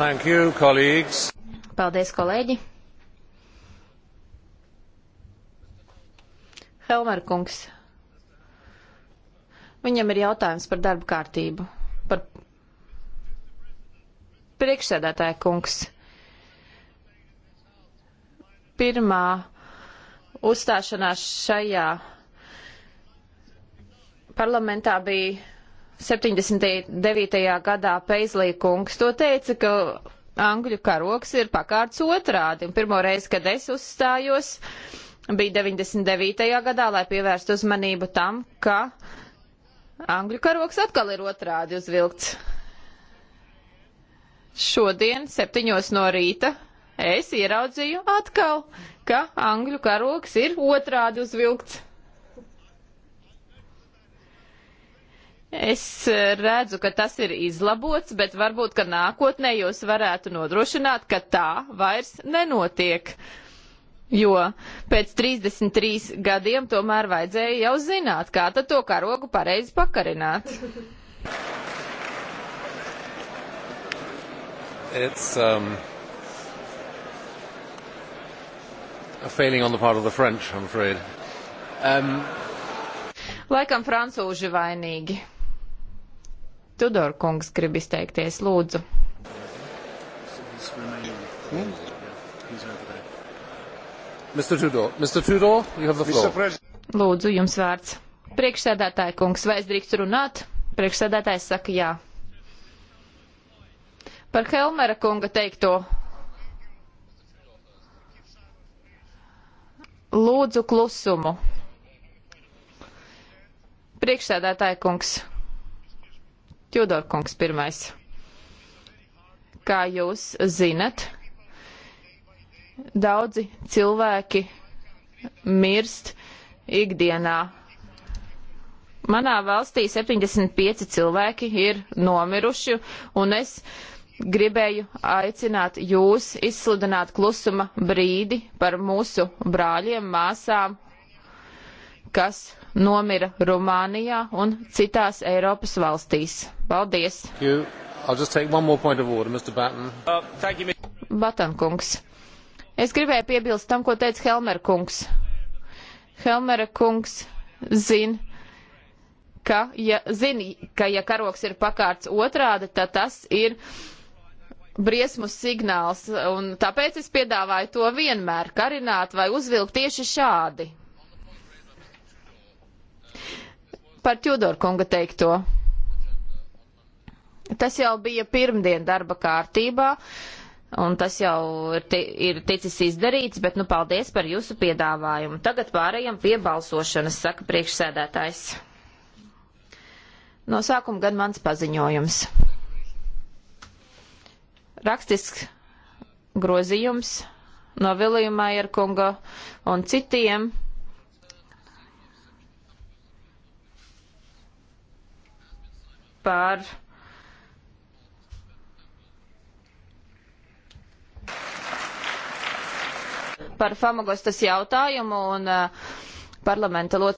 Thank you, colleagues. Paldies, kolēģi. Helmer kungs. Viņam ir jautājums par darba kārtību. Par priekšsēdētāja kungs. Pirmā uzstāšanās šajā parlamentā bija 79. gadā Peizlī kungs to teica, ka angļu karoks ir pakārts otrādi. Un pirmo reizi, kad es uzstājos, bija 99. gadā, lai pievērstu uzmanību tam, ka angļu karoks atkal ir otrādi uzvilkts. Šodien, septiņos no rīta, es ieraudzīju atkal, ka angļu karoks ir otrādi uzvilkts. Es eh, redzu, ka tas ir izlabots, bet varbūt, ka nākotnē jūs varētu nodrošināt, ka tā vairs nenotiek. Jo pēc 33 gadiem tomēr vajadzēja jau zināt, kā tad to karogu pareizi pakarināt. It's, um, a failing on the part of the French, I'm afraid. Um, Laikam francūži vainīgi. Tudor kungs grib izteikties, lūdzu. Hmm? Mr. Tudor, Mr. Tudor, you have the floor. Lūdzu, jums vārds. Priekšsēdētāja kungs, vai es drīkstu runāt? Priekšsēdētājs saka jā. Par Helmera kunga teikto lūdzu klusumu. Priekšsēdētāja kungs, Tjodor kungs pirmais. Kā jūs zinat, daudzi cilvēki mirst ikdienā. Manā valstī 75 cilvēki ir nomiruši, un es gribēju aicināt jūs izsludināt klusuma brīdi par mūsu brāļiem, māsām kas nomira Rumānijā un citās Eiropas valstīs. Paldies! Uh, Batankungs. Es gribēju piebilst tam, ko teica Helmera kungs. Helmera kungs zina, ka, ja, zin, ka ja karoks ir pakārts otrādi, tad tas ir briesmu signāls. Un tāpēc es piedāvāju to vienmēr karināt vai uzvilkt tieši šādi. Par Tudor kunga teikto. Tas jau bija pirmdien darba kārtībā, un tas jau ir, ir ticis izdarīts, bet nu paldies par jūsu piedāvājumu. Tagad pārējām pie balsošanas, saka priekšsēdētājs. No sākuma gan mans paziņojums. Rakstisks grozījums no Viljuma Irkunga un citiem par. par Famagostas jautājumu un uh, parlamenta locekļu.